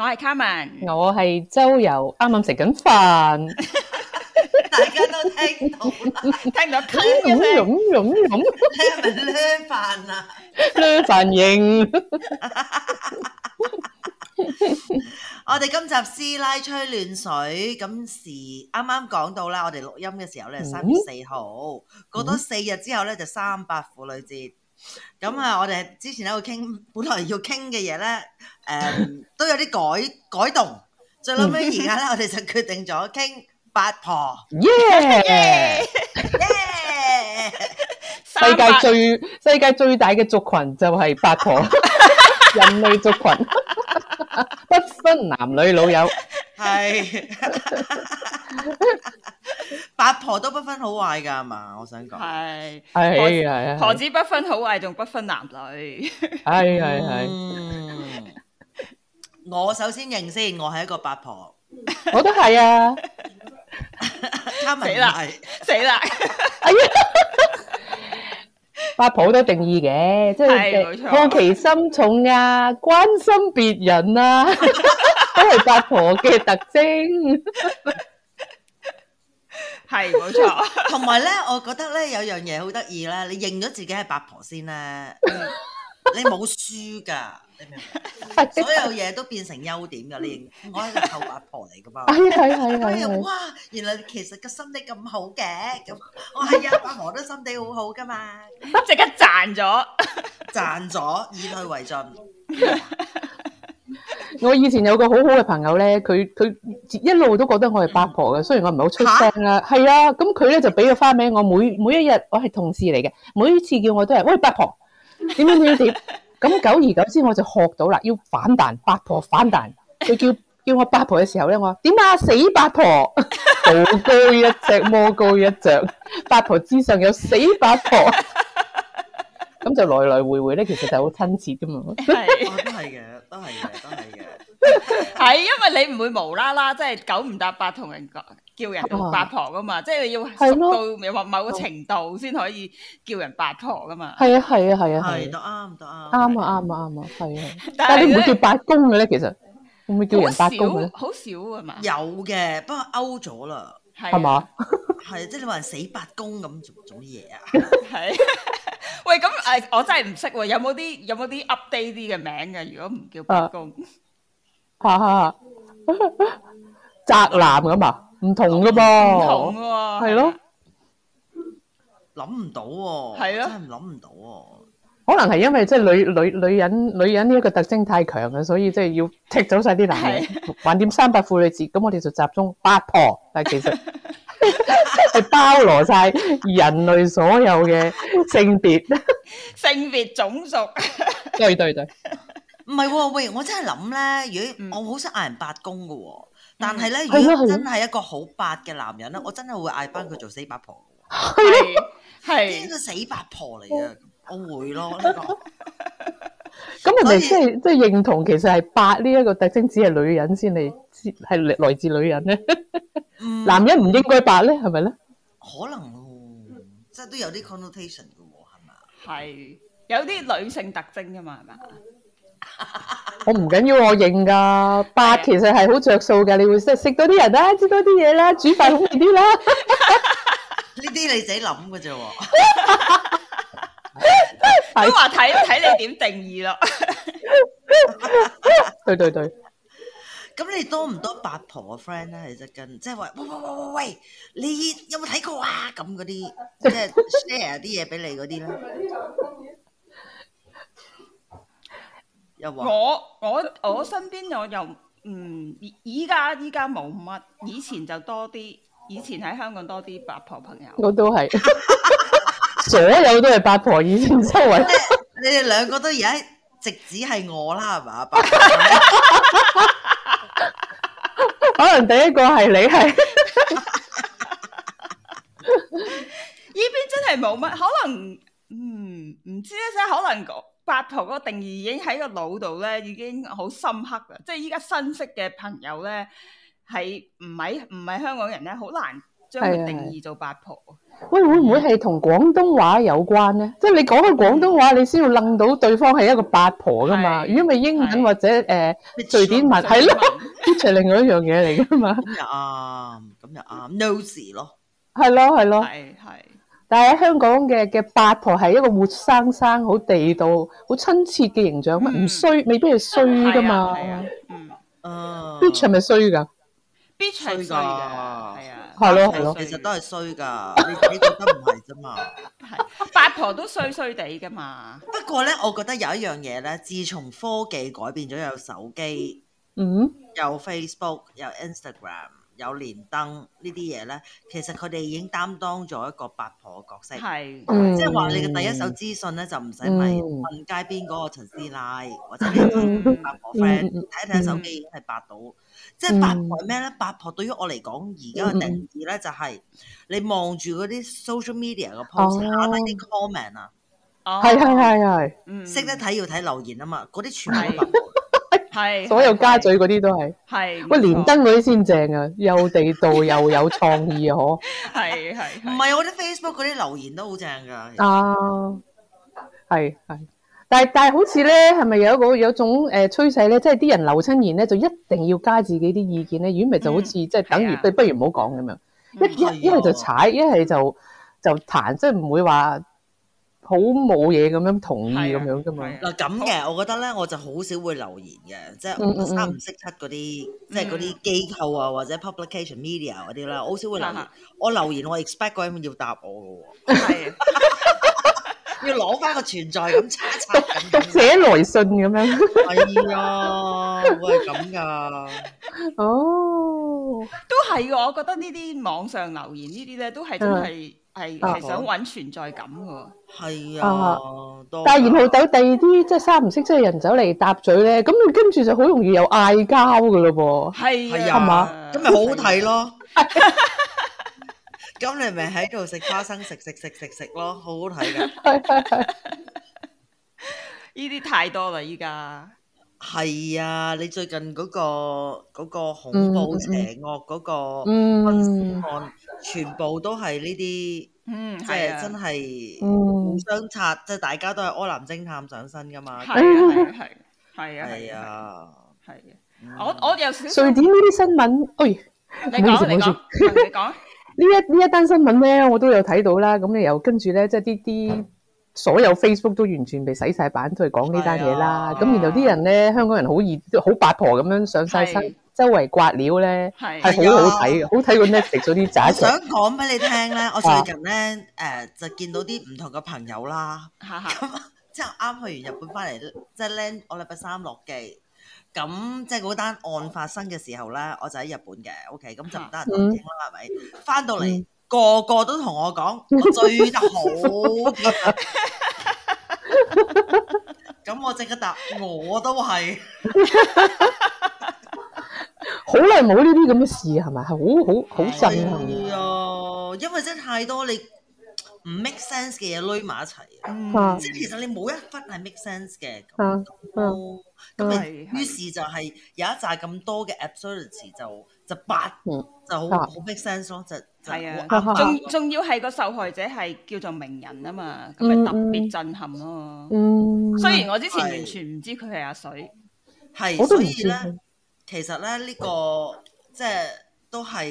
我係 Carmen，我係周游，啱啱食緊飯，大家都聽到 聽到噴咁樣樣，咁係咪呢飯啊？呢飯型，我哋今集師奶吹暖水，咁時啱啱講到啦，我哋錄音嘅時候咧三月四號，嗯、過多四日之後咧就三八婦女節，咁啊我哋之前喺度傾，本來要傾嘅嘢咧。誒，um, 都有啲改改動，再諗起而家咧，我哋就決定咗傾八婆，耶 Yeah! Yeah! Yeah!！世界最世界最大嘅族群就係八婆， 人類族群 不分男女老幼，係八婆都不分好壞噶，係嘛？我想講係係係，何止是子不分好壞，仲不分男女，係係係。 我首先認先，我係一個八婆，我都係啊，死啦死啦，哎呀，八婆都定義嘅，即係好奇心重啊，關心別人啊，都係八婆嘅特徵，係冇錯。同埋咧，我覺得咧有樣嘢好得意啦，你認咗自己係八婆先啦。 你冇輸㗎，你明唔明？ 所有嘢都變成優點㗎，你認？我係個臭八婆嚟㗎嘛？係係係係。 哇！原來其實個心地咁好嘅，咁我係啊，八婆都心地好好㗎嘛。即 刻賺咗， 賺咗以退為進。 我以前有個好好嘅朋友咧，佢佢一路都覺得我係八婆嘅，雖然我唔係好出聲啊，係 啊，咁佢咧就俾咗花名我，我每每一日我係同事嚟嘅，每一次叫我都係喂，八婆。點樣點點咁久而久之我就學到啦，要反彈八婆反彈，佢叫叫我八婆嘅時候咧，我話點啊死八婆，道高一尺魔高一丈，八婆之上有死八婆，咁就來來回回咧，其實就好親切噶嘛，都係嘅，都係嘅，都係嘅，係 因為你唔會無啦啦，即係九唔搭八同人講。叫人八婆噶嘛，即係你要熟到，又話某個程度先可以叫人八婆噶嘛。係啊，係啊，係啊。係，啱啱啱。啱啊，啱啊，啱啊。係啊，但係你唔會叫八公嘅咧？其實會唔會叫人八公好少啊，嘛？有嘅，不過勾咗啦。係嘛的？係，即係你話人死八公咁做做嘢啊？係 是的。 喂，咁誒，我真係唔識喎。有冇啲有冇啲 update 啲嘅名㗎？如果唔叫八公，嚇嚇， 宅男咁啊？唔同噶噃，係咯，諗唔到喎，係咯，真係諗唔到哦。可能係因為即係女女女人女人呢一個特徵太強嘅，所以即係要剔走晒啲男人，橫掂三八婦女節，咁我哋就集中八婆。但係其實係包羅晒人類所有嘅性別、性別種族。對對對，唔係喎，喂，我真係諗咧，如果我好想嗌人八公㗎。但係咧，如果真係一個好八嘅男人咧，我真係會嗌翻佢做死八婆嘅喎，係，係個死八婆嚟嘅！我會咯，咁我哋即係即係認同，其實係八呢一個特徵，只係女人先嚟，係嚟來自女人咧，男人唔應該八咧，係咪咧？可能咯，即係都有啲 connotation 嘅喎，係嘛？係有啲女性特徵噶嘛，係嘛？ 我唔緊要，我認噶八其實係好着數噶，你會識識多啲人啦、啊，知多啲嘢啦，煮飯好易啲啦。呢 啲 你仔諗噶咋？都話睇睇你點定義咯。 對對對，咁你多唔多八婆嘅 friend 咧？其實近，即係話喂喂喂喂喂，你有冇睇過啊？咁嗰啲即係 share 啲嘢俾你嗰啲咧。我我我身邊我又唔依家依家冇乜，以前就多啲，以前喺香港多啲八婆朋友。我都係，所 有都係八婆，以前周圍。你哋兩個都而家直指係我啦，係嘛八婆？可能第一個係你係，依邊真係冇乜，可能嗯唔知一聲，可能個八婆嗰個定義已經喺個腦度咧，已經好深刻噶。即係依家新識嘅朋友咧，係唔係唔係香港人咧，好難將佢定義做八婆。喂，會唔會係同廣東話有關咧？即係你講緊廣東話，你先要諗到對方係一個八婆噶嘛。如果咪英文或者誒字典物，係咯，呢就另外一樣嘢嚟噶嘛。咁又啱，咁又啱，nosey 咯，係咯係咯，係係。但係喺香港嘅嘅八婆係一個活生生、好地道、好親切嘅形象，唔衰，未必係衰噶嘛。嗯，Bitch 係咪衰噶？Bitch 係衰噶，係啊。係咯係咯，其實都係衰噶。你覺得唔係啫嘛？八婆都衰衰哋噶嘛。不過咧，我覺得有一樣嘢咧，自從科技改變咗，有手機，嗯，有 Facebook，有 Instagram。有連登呢啲嘢咧，其實佢哋已經擔當咗一個八婆嘅角色，即係話你嘅第一手資訊咧就唔使問、嗯、問街邊嗰個陳師奶語，或者你問八婆 friend 睇一睇手機已經係八到，即係八婆咩咧？八婆對於我嚟講而家嘅定義咧就係、是、你望住嗰啲 social media 嘅 post 啊，睇啲 comment 啊，係係係係，嗯，識得睇要睇留言啊嘛，嗰啲全係八。 整 係，所有家嘴嗰啲都係，喂，連登嗰啲先正啊，又地道又有創意啊，嗬，係係，唔係我啲 Facebook 嗰啲留言都好正㗎，係係啊，係係，但係但係好似咧，係咪有一個有一種誒、呃、趨勢咧，即係啲人留親言咧，就一定要加自己啲意見咧，如果唔係就好似即係等於不如不不如唔好講咁樣，一一一、嗯啊、就踩，一係就就彈，即係唔會話。好冇嘢咁樣同意咁樣噶嘛？嗱咁嘅，我覺得咧，我就好少會留言嘅，即係三唔識七嗰啲，即係嗰啲機構啊，或者 publication media 嗰啲啦，好少會留。我留言，我 expect 嗰啲要答我嘅喎。係，要攞翻個存在咁，查一查咁，讀者來信咁樣。係啊，我係咁噶。哦，都係嘅。我覺得呢啲網上留言呢啲咧，都係真係。係，其實想揾存在感嘅。係啊，啊了但係然後走第二啲，即係三唔識七嘅人走嚟搭嘴咧，咁你跟住就好容易有嗌交嘅咯噃。係啊，係嘛吧？咁咪好好睇咯。咁是、啊、 你咪喺度食花生，食食食食食咯，好好睇噶。呢 啲 太多啦，依家。係啊，你最近嗰個恐怖邪惡嗰個分屍案，全部都係呢啲，即係真係互相拆，即係大家都係柯南偵探上身噶嘛，係啊係啊係啊係啊，係啊，我我又瑞典呢啲新聞，哎，你講你講你講呢一呢一單新聞咧，我都有睇到啦，咁你又跟住咧，即係啲啲。所有 Facebook 都完全被洗曬版，都係講呢單嘢啦。咁然後啲人咧，香港人好熱，好八婆咁樣上曬身，周圍刮料咧，係好好睇嘅，好睇過 Netflix 嗰啲渣。想講俾你聽咧，我最近咧誒就見到啲唔同嘅朋友啦。咁之後啱去完日本翻嚟，即係咧我禮拜三落機。咁即係嗰單案發生嘅時候咧，我就喺日本嘅。OK，咁就唔得唔聽啦，係咪？翻到嚟。個個都同我講，我追得好，咁 我即刻答我都係 好耐冇呢啲咁嘅事係咪？係好好好正啊！震撼 啊，因為真係太多你唔 make sense 嘅嘢累埋一齊，嗯、即係其實你冇一忽係 make sense 嘅，嗯嗯，咁咪於是就係有一扎咁多嘅 absurdity 就。就八就好好 make sense 就係啊，仲仲、嗯嗯、要係個受害者係叫做名人啊嘛，咁咪特別震撼咯。嗯、雖然我之前完全唔知佢係阿水，係是所以咧，其實咧呢、這個即係都係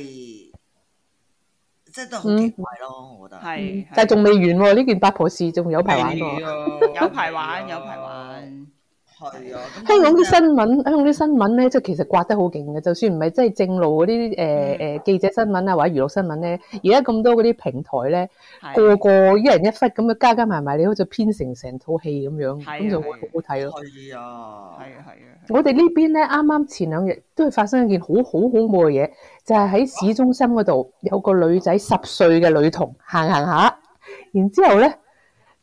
即係都好奇怪咯。嗯、我覺得係，但係仲未完喎，呢件八婆事仲有排玩喎，有排玩有排玩。係啊！香港啲新聞，香港啲新聞咧，即係其實颳得好勁嘅。就算唔係即係正路嗰啲誒誒記者新聞啊，或者娛樂新聞咧，而家咁多嗰啲平台咧，的個個一人一忽咁樣加加埋埋，你好似編成成套戲咁樣，咁的就好好睇咯。係啊，係啊，係啊！我哋呢邊咧，啱啱前兩日都係發生一件好好恐怖嘅嘢，就係、是、喺市中心嗰度有個女仔十歲嘅女童行行下，然之後咧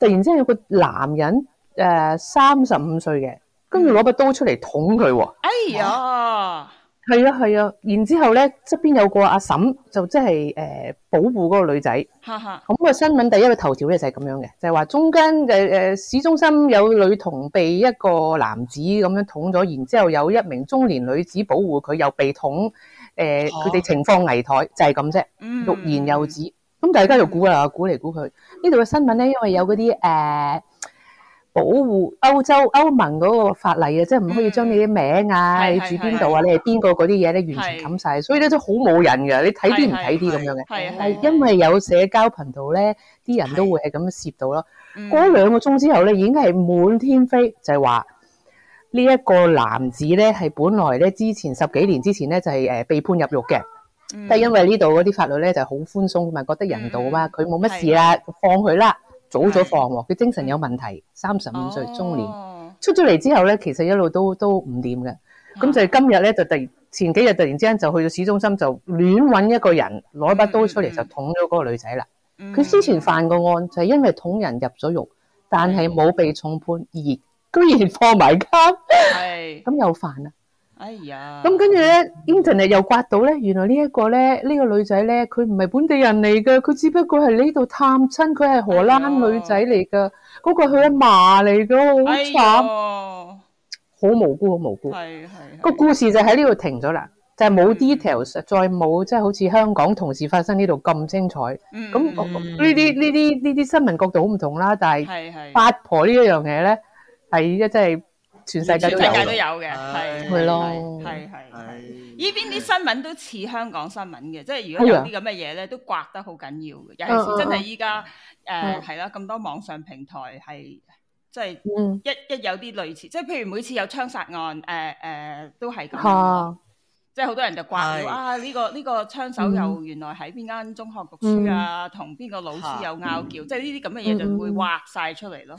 突然之間有個男人誒三十五歲嘅。呃跟住攞把刀出嚟捅佢喎，哎呀，係啊係啊，啊，然之後咧側邊有個阿嬸就即係誒保護嗰個女仔，哈哈。 咁個新聞第一個頭條咧就係咁樣嘅，就係、係、話中間誒誒市中心有女童被一個男子咁樣捅咗，然之後有一名中年女子保護佢又被捅，誒佢哋情況危殆，就係咁啫，欲言又止。咁、嗯、大家就估啦，估嚟估去，呢度嘅新聞咧，因為有嗰啲誒。啊啊啊保護歐洲歐盟嗰個法例啊，即係唔可以將你啲名啊，你住邊度啊，你係邊個嗰啲嘢咧，完全冚晒。所以咧都好冇人嘅，你睇啲唔睇啲咁樣嘅。但係因為有社交頻道咧，啲人都會係咁樣攝到咯。嗰兩個鐘之後咧，已經係滿天飛，就係話呢一個男子咧係本來咧之前十幾年之前咧就係誒被判入獄嘅，但係因為呢度嗰啲法律咧就好寬鬆同埋覺得人道啊嘛，佢冇乜事啦，就放佢啦。早咗放喎、啊，佢精神有問題，三十五歲中年、oh. 出咗嚟之後呢，其實一路都都唔掂嘅，咁就今日呢，就突然前幾日突然之間就去到市中心就亂揾一個人攞把刀出嚟、mm hmm. 就捅咗嗰個女仔啦。佢、mm hmm. 之前犯過案就係、是、因為捅人入咗獄，但係冇被重判，而居然放埋監，咁、mm hmm. 又犯啦。哎呀！咁跟住咧，Internet 又刮到咧，原來呢一個咧，呢個女仔咧，佢唔係本地人嚟嘅，佢只不過係呢度探親，佢係荷蘭女仔嚟噶，嗰個佢阿嫲嚟嘅，好慘，好無辜，好無辜。係係個故事就喺呢度停咗啦，就係冇 details，再冇即係好似香港同時發生呢度咁精彩。嗯。咁呢啲呢啲呢啲新聞角度好唔同啦，但係八婆呢一樣嘢咧係一真係。全世界都有嘅，係，係咯，係係係。依邊啲新聞都似香港新聞嘅，即係如果有啲咁嘅嘢咧，都刮得好緊要嘅。尤其是真係依家，誒係啦，咁多網上平台係，即係一一有啲類似，即係譬如每次有槍殺案，誒誒都係咁，即係好多人就刮，哇！呢個呢個槍手又原來喺邊間中學讀書啊，同邊個老師有拗撬，即係呢啲咁嘅嘢就會挖晒出嚟咯。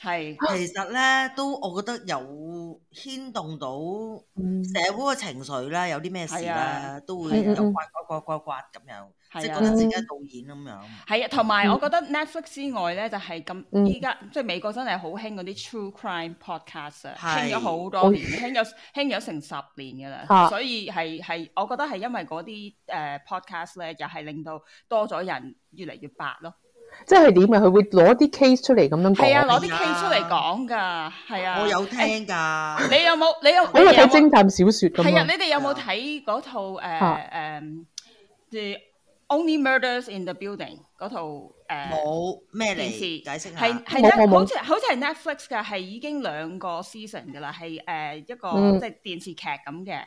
係，是其實咧都，我覺得有牽動到社會嘅情緒啦，嗯、有啲咩事啦，啊、都會有關刮刮刮刮咁樣，即係、啊、覺得自己嘅導演咁樣。係啊，同埋我覺得 Netflix 之外咧，就係咁依家，即係美國真係好興嗰啲 True Crime podcast 啊，興咗好多年，興咗興咗成十年㗎啦， 所以係係，我覺得係因為嗰啲誒 podcast 咧，又係令到多咗人越嚟越白咯。即係點啊？佢會攞啲 case 出嚟咁樣講。係啊，攞啲 case 出嚟講㗎，係啊。我有聽㗎。你有冇？你有？你有睇偵探小説，係啊。你哋有冇睇嗰套誒誒 The Only Murders in the Building 嗰套誒冇咩嚟？電視解釋係係 net 好似好似係 Netflix 㗎，係已經兩個 season 㗎啦，係誒一個即係電視劇咁嘅，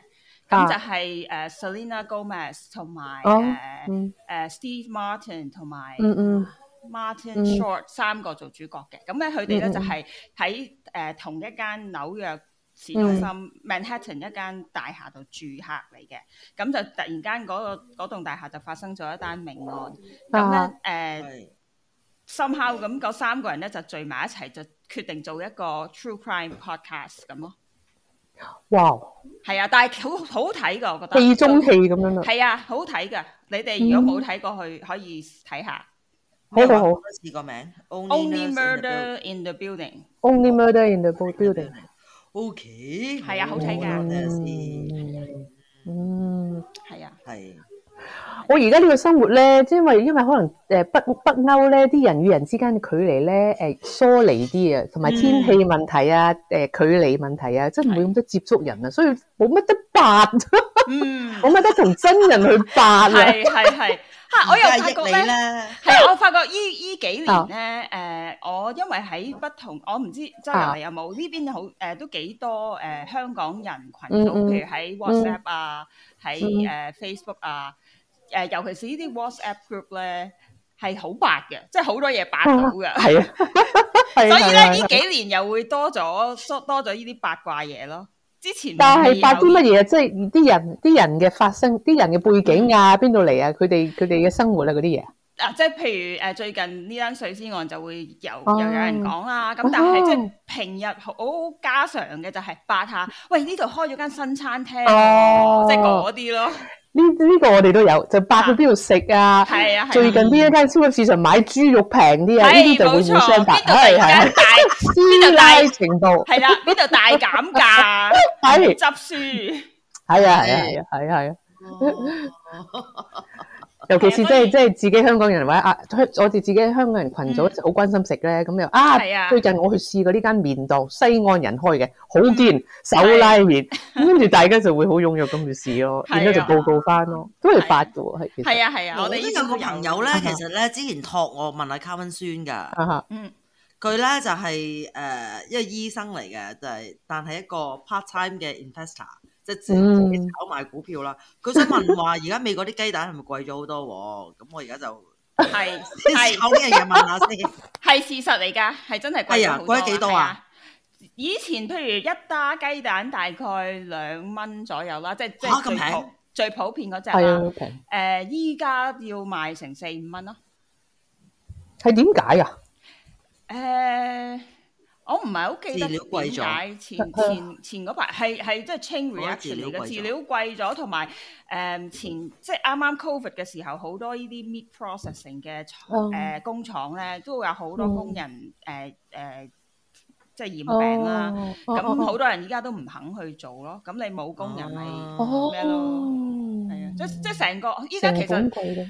咁就係誒 Selena Gomez 同埋誒誒 Steve Martin 同埋嗯嗯。Martin Short 三個做主角嘅咁咧，佢哋咧就係喺誒同一間紐約市中心 Manhattan 一間大廈度住客嚟嘅。咁就突然間嗰個嗰棟大廈就發生咗一單命案。咁咧誒，somehow 咁嗰三個人咧就聚埋一齊，就決定做一個 True Crime Podcast 咁咯。哇，係啊，但係好好睇噶，我覺得戲中戲咁樣咯，係啊，好睇噶。你哋如果冇睇過，去可以睇下。好，好似個名。Only murder in the building. Only murder in the building. OK，係啊，好睇噶。嗯，係啊，係。我而家呢個生活咧，因為因為可能誒北北歐咧，啲人與人之間嘅距離咧，誒疏離啲啊，同埋天氣問題啊，誒距離問題啊，即係唔會咁多接觸人啊，所以冇乜得八，冇乜得同真人去八啊，係係係。啊、我又發覺咧，係我發覺依依幾年咧，誒、 呃，我因為喺不同，我唔知即係有冇呢邊好誒、呃，都幾多誒、呃、香港人群組，嗯嗯、譬如喺 WhatsApp 啊，喺誒、嗯、Facebook 啊，誒、呃、尤其是呢啲 WhatsApp group 咧係好白嘅，即係好多嘢白到嘅，係啊，所以咧呢 幾年又會多咗多咗呢啲八卦嘢咯。之前，但係發啲乜嘢？即係啲人啲人嘅發生，啲人嘅背景啊，邊度嚟啊？佢哋佢哋嘅生活啊，嗰啲嘢。啊，即係譬如誒最近呢單碎屍案就會又、哦、又有人講啦、啊。咁但係即係平日好，好，好家常嘅就係發下，喂呢度開咗間新餐廳，即係嗰啲咯。哦。呢呢個我哋都有，就八去邊度食啊？係啊，啊啊最近邊一間超級市場買豬肉平啲啊？呢啲、啊、就會互相八，係係，大？邊度大程度？係啦，呢度大減價？喺執書。係啊係啊係啊係啊係啊。 尤其是即係即係自己香港人或者啊，我哋自己香港人群組好關心食咧，咁又、嗯、啊，啊最近我去試過呢間麵檔，西安人開嘅，好堅、嗯、手拉麵，跟住、啊、大家就會好踴躍咁去試咯，啊、然之後就報告翻咯，都會發嘅喎，係係啊係啊，啊啊啊啊我哋呢兩個朋友咧，其實咧之前託我問下卡文孫㗎，嗯，佢咧就係誒一個醫生嚟嘅，就係但係一個 part time 嘅 investor。即係炒賣股票啦，佢想問話，而家美國啲雞蛋係咪貴咗好多？咁我而家就係，係炒呢樣嘢問下先。係事實嚟噶，係真係貴咗好多。貴咗幾多啊？以前譬如一打雞蛋大概兩蚊左右啦，即係即係最最普遍嗰隻啦。誒，依家要賣成四五蚊咯。係點解啊？誒。我唔係好記得點解前前前嗰排係係即係 chain reaction 嚟嘅，資料貴咗，同埋誒前即係啱啱 covid 嘅時候，好多呢啲 meat processing 嘅誒、呃嗯、工廠咧，都有好多工人誒誒、嗯呃、即係染病啦。咁好、嗯、多人依家都唔肯去做咯。咁你冇工人係咩咯？係啊、嗯嗯，即即係成個依家其實、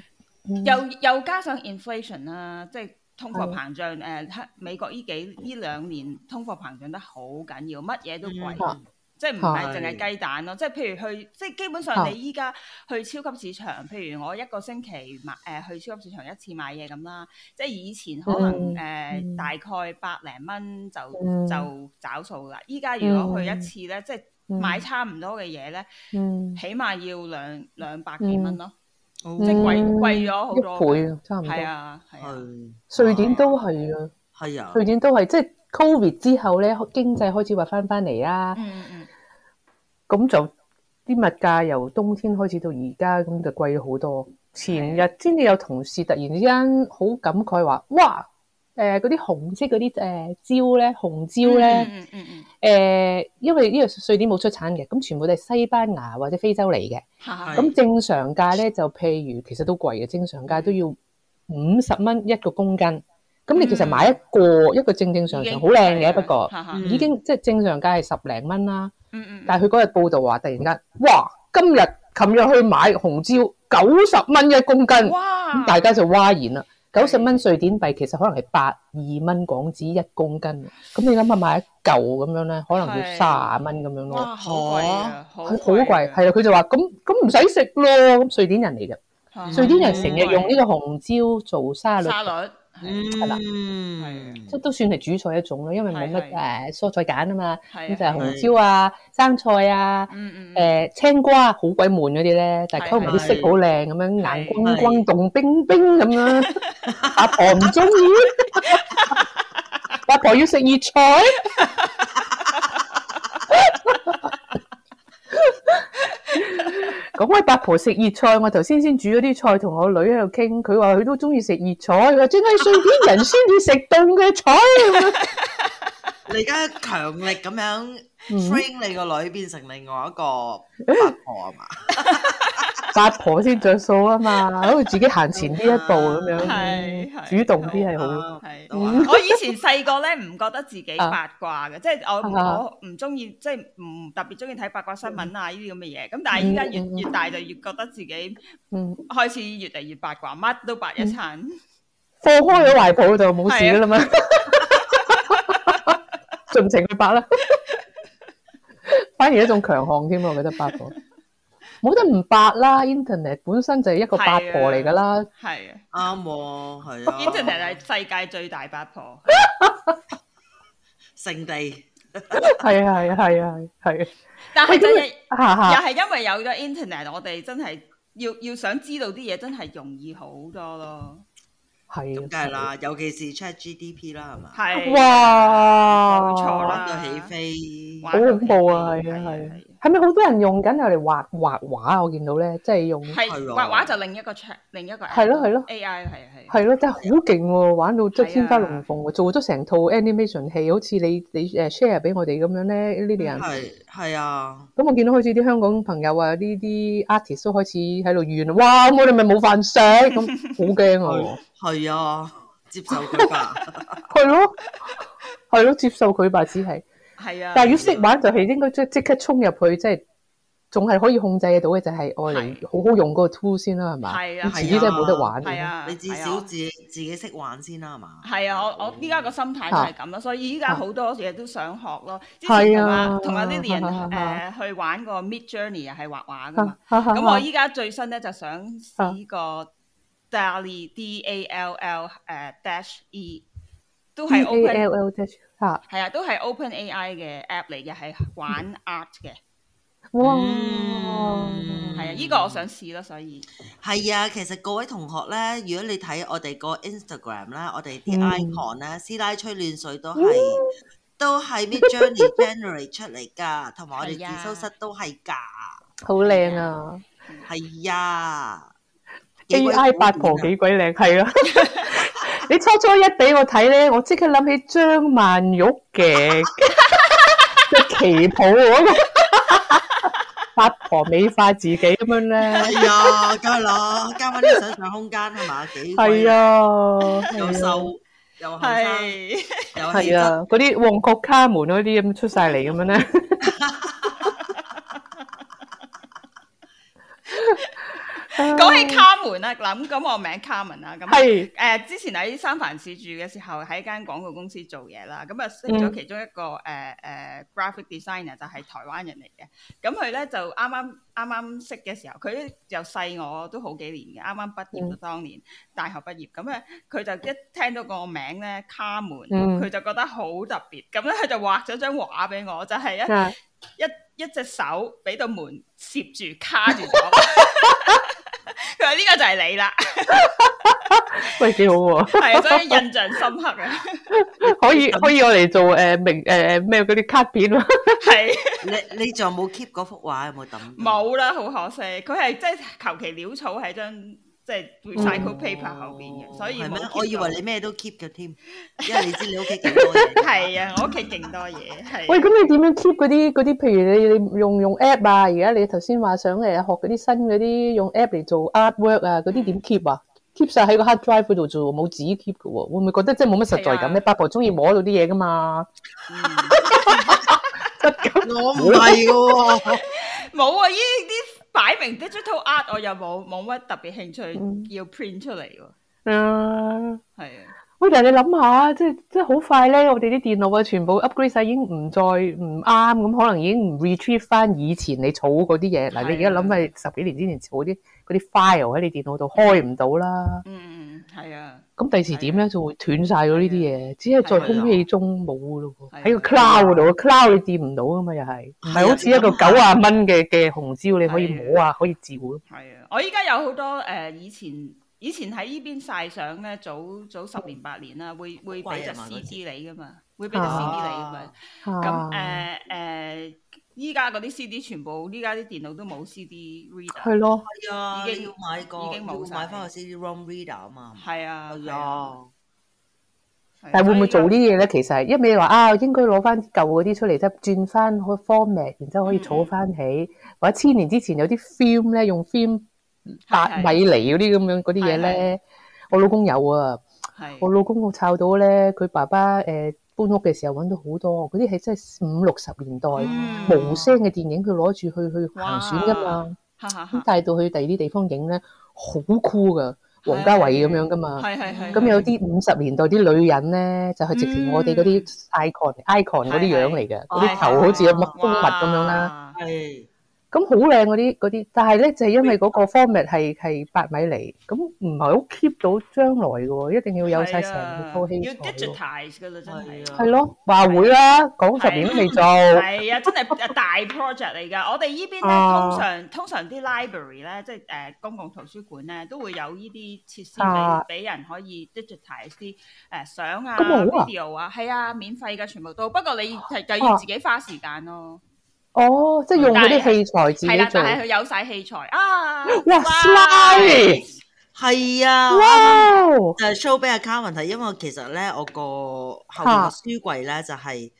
嗯、又又加上 inflation 啦，即係。通貨膨脹誒、呃，美國呢幾呢兩年通貨膨脹得好緊要，乜嘢都貴，嗯、即係唔係淨係雞蛋咯？是即係譬如去，即係基本上你依家去超級市場，嗯、譬如我一個星期買誒、呃、去超級市場一次買嘢咁啦，即係以前可能誒、嗯呃、大概百零蚊就、嗯、就找數啦。依家如果去一次呢，嗯、即係買差唔多嘅嘢呢，嗯、起碼要兩兩百幾蚊咯。即係貴貴咗一倍啊，差唔多係啊係啊，瑞典都係啊，係啊，瑞典都係，即係 Covid 之後咧，經濟開始話翻翻嚟啊，咁就啲物價由冬天開始到而家，咁就貴咗好多。前日先至有同事突然之間好感慨話，哇！誒嗰啲紅色嗰啲誒椒咧，紅椒咧，誒、嗯嗯呃、因為呢個瑞典冇出產嘅，咁全部都係西班牙或者非洲嚟嘅。咁是是 正常價咧，就譬如其實都貴嘅，正常價都要五十蚊一個公斤。咁、嗯、你其實買一個一個正正常常好靚嘅，不過已經即係正常價係十零蚊啦。嗯嗯。但係佢嗰日報道話，突然間，哇！今日琴日去買紅椒九十蚊一公斤，哇！咁哇大家就嘩然啦。九十蚊瑞典幣其實可能係八二蚊港紙一公斤，咁你諗下買一嚿咁樣咧，可能要三十蚊咁樣咯，好貴啊！佢好貴，係啦，佢就話：咁咁唔使食咯，咁瑞典人嚟嘅，瑞典人成日用呢個紅椒做沙律。係啦，即都、mm hmm. 算係主菜一種咯，因為冇乜誒蔬菜揀啊嘛，咁是就係紅椒啊、生菜啊、誒、嗯嗯呃、青瓜啊，好鬼悶嗰啲咧，但溝埋啲色好靚咁樣，硬轟轟轟冰冰、凍冰冰咁樣，阿婆唔中意， 阿婆要食熱菜。 講起 八婆食熱菜，我頭先先煮咗啲菜，同我女喺度傾，佢話佢都中意食熱菜，或者係順便人先至食凍嘅菜。你而家強力咁樣。變你個女變成另外一個八婆啊嘛，八婆先着數啊嘛，好似自己行前呢一步咁樣，主動啲係好。我以前細個咧唔覺得自己八卦嘅，即係我我唔中意，即係唔特別中意睇八卦新聞啊呢啲咁嘅嘢。咁但係依家越越大就越覺得自己開始越嚟越八卦，乜都八一餐，放開咗懷抱就冇事啦嘛，盡情去八啦。.反而一種強項添咯，我覺得八婆冇得唔八啦，Internet 本身就係一個八婆嚟㗎啦，係啊，啱喎，係啊，Internet 係世界最大八婆聖 勝地，係啊係啊係啊係啊，但係真係又係因為有咗 Internet， 我哋真係要要想知道啲嘢真係容易好多咯。咁梗係啦，的尤其是出 ChatGPT 啦，係嘛的？係的哇，冇錯啦，起飛，好恐怖啊！係啊，係啊。係咪好多人用緊又嚟畫畫畫啊？我見到咧，即係用係畫畫就另一個 check，另一個人係咯係咯，AI 係啊係係咯，真係好勁喎！玩到即係天花龍鳳，做咗成套 animation 戲，好似你你誒 share 俾我哋咁樣咧，呢啲人係係啊！咁我見到好似啲香港朋友啊，呢啲 artist 都開始喺度怨，哇！我哋咪冇飯食，好驚啊！係啊，接受佢吧，係咯係咯，接受佢吧，只係。係啊，但係要識玩就係、是、應該即即刻衝入去，即係仲係可以控制得到嘅就係我哋好好用個 tool 先啦，係嘛？係啊，自己吧、啊、真係冇得玩嘅，你至少自自己識玩先啦，係嘛、啊？係啊，我我依家個心態就係咁咯，啊、所以依家好多嘢都想學咯。係啊，同埋 Lilian 誒去玩個 Midjourney 係畫畫噶嘛。咁我依家最新咧就想、是、試，試個 Daily D, ALI, D A L 誒 Dash E 都係 Open、e 係啊，都係 Open AI 嘅 app 嚟嘅，係玩 art 嘅。哇！係啊，依個我想試咯，所以係啊。其實各位同學咧，如果你睇我哋個 Instagram 啦，我哋啲 icon 啦，師奶吹暖水都係都係 Midjourney generate 出嚟噶，同埋我哋自修室都係噶。好靚啊！係啊，AI 八婆幾鬼靚，係咯。你初初一俾我睇咧，我即刻諗起張曼玉嘅旗袍嗰個八婆美化自己咁樣咧。係啊，加落加翻啲想象空間係嘛？係啊，又瘦又係，係啊，嗰啲旺角卡門嗰啲咁出晒嚟咁樣咧。講起卡門啦，諗咁我名卡門啦，咁誒、呃、之前喺三藩市住嘅時候，喺間廣告公司做嘢啦，咁啊識咗其中一個誒誒、嗯呃、graphic designer 就係台灣人嚟嘅，咁佢咧就啱啱啱啱識嘅時候，佢又細我都好幾年嘅，啱啱畢業咗當年，嗯、大學畢業，咁啊佢就一聽到個名咧卡門，佢、嗯、就覺得好特別，咁咧佢就畫咗張畫俾我，就係、是、一、嗯、一一隻手俾到門攝住卡住咗。 呢個就係你啦， 喂，幾好喎，係 所 以印象深刻啊，可以可以我嚟做誒名誒咩嗰啲卡片咯，係 你你仲有冇 keep 嗰幅畫有冇抌？冇啦，好可惜，佢係即係求其潦草係張。即係 recycle paper 後邊嘅，所以係咩？我以為你咩都 keep 嘅添，因為你知你屋企勁多嘢。係啊，我屋企勁多嘢。係喂，咁你點樣 keep 嗰啲嗰啲？譬如你你用用 app 啊，而家你頭先話想誒學嗰啲新嗰啲用 app 嚟做 artwork 啊嗰啲，點 keep 啊？keep 曬喺個 hard drive 嗰度做。喎，冇紙 keep 嘅喎，會唔會覺得即係冇乜實在感咧？八婆中意摸到啲嘢噶嘛？咁我唔係嘅喎，冇啊依啲。擺明 digital art，我又冇冇乜特別興趣要 print 出嚟喎。嗯，係啊。的喂，但係你諗下，即係即係好快咧，我哋啲電腦啊，全部 upgrade 晒，已經唔再唔啱，咁可能已經唔 retrieve 翻以前你儲嗰啲嘢。嗱的，你而家諗係十幾年之前儲啲嗰啲 file 喺你電腦度開唔到啦。嗯，係啊。咁第時點咧就會斷晒咗呢啲嘢，的只係在空氣中冇咯，喺的個 cloud 嗰度的，cloud 你掂唔到噶嘛又，又係唔係好似一個九啊蚊嘅嘅紅椒你可以摸啊，的可以照咯。係啊，我依家有好多誒、呃，以前以前喺呢邊晒相咧，早早十年八年啦、哦，會會俾隻私資你噶嘛，啊、會俾隻私資你咁嘛。咁誒誒。啊依家嗰啲 CD 全部，依家啲電腦都冇 CD reader，係咯，係啊，已經要買個，已經冇買翻個 CD ROM reader 啊嘛，係啊，哦，但係會唔會做啲嘢咧？其實，因為你話啊，應該攞翻舊嗰啲出嚟，即係轉翻去 format，然之後可以儲翻起，或者千年之前有啲 film 咧，用 film 八米釐嗰啲咁樣嗰啲嘢咧，我老公有啊，我老公我抄到咧，佢爸爸誒。搬屋嘅時候揾到好多，嗰啲係真係五六十年代無聲嘅電影，佢攞住去去行船噶嘛。咁帶到去第二啲地方影咧，好酷噶，王家衞咁樣噶嘛。咁有啲五十年代啲女人咧，就係直情我哋嗰啲 icon icon 嗰啲樣嚟嘅，嗰啲頭好似有乜蜂蜜咁樣啦。咁好靚嗰啲嗰啲，但係咧就係因為嗰個 format 係係八米釐，咁唔係好 keep 到將來嘅喎，一定要有曬成套器材喎。要 digitize 㗎喇，真係。係咯，話會啊，講十年都未做。係啊，真係大 project 嚟㗎。我哋依邊咧通常通常啲 library 咧，即係誒公共圖書館咧，都會有依啲設施俾俾人可以即係 digitize 啲誒相啊 video 啊，係啊，免費㗎，全部都。不過你係就要自己花時間咯。哦，即係用嗰啲器材自己做。係啦，但係佢有曬器材啊！哇，slide 係啊！哇！誒，show 俾阿 Kevin 睇，因為其實咧，我個後面個書櫃咧就係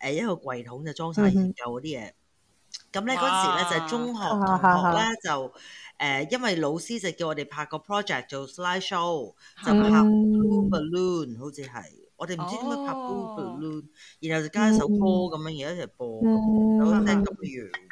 誒一個櫃桶就裝曬研究嗰啲嘢。咁咧陣時咧就係中學同學咧就誒，因為老師就叫我哋拍個 project 做 slide show，就拍 blue balloon，好似係。我哋唔知點解拍 blue blue 然後就加一首歌咁樣，然後一齊播，有聲咁樣樣。